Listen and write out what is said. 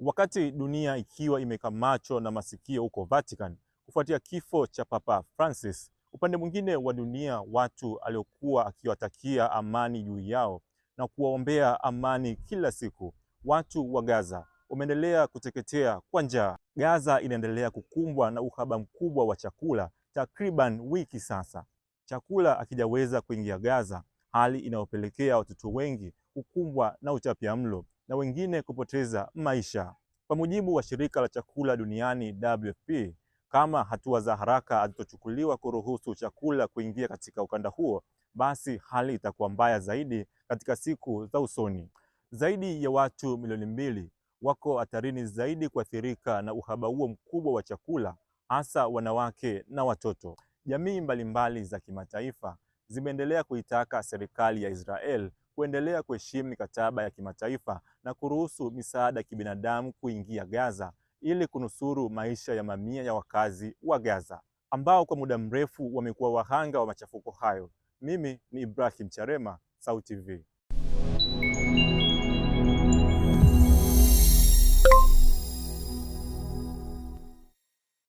Wakati dunia ikiwa imekamachwa na masikio huko Vatican kufuatia kifo cha Papa Francis, upande mwingine wa dunia watu aliokuwa akiwatakia amani juu yao na kuwaombea amani kila siku, watu wa Gaza wameendelea kuteketea kwa njaa. Gaza inaendelea kukumbwa na uhaba mkubwa wa chakula takriban wiki sasa, chakula akijaweza kuingia Gaza, hali inayopelekea watoto wengi kukumbwa na utapiamlo na wengine kupoteza maisha, kwa mujibu wa shirika la chakula duniani WFP. Kama hatua za haraka hazitochukuliwa kuruhusu chakula kuingia katika ukanda huo, basi hali itakuwa mbaya zaidi katika siku za usoni. Zaidi ya watu milioni mbili wako hatarini zaidi kuathirika na uhaba huo mkubwa wa chakula, hasa wanawake na watoto. Jamii mbalimbali za kimataifa zimeendelea kuitaka serikali ya Israel kuendelea kuheshimu mikataba ya kimataifa na kuruhusu misaada ya kibinadamu kuingia Gaza ili kunusuru maisha ya mamia ya wakazi wa Gaza ambao kwa muda mrefu wamekuwa wahanga wa machafuko hayo. Mimi ni Ibrahim Charema, SauTV.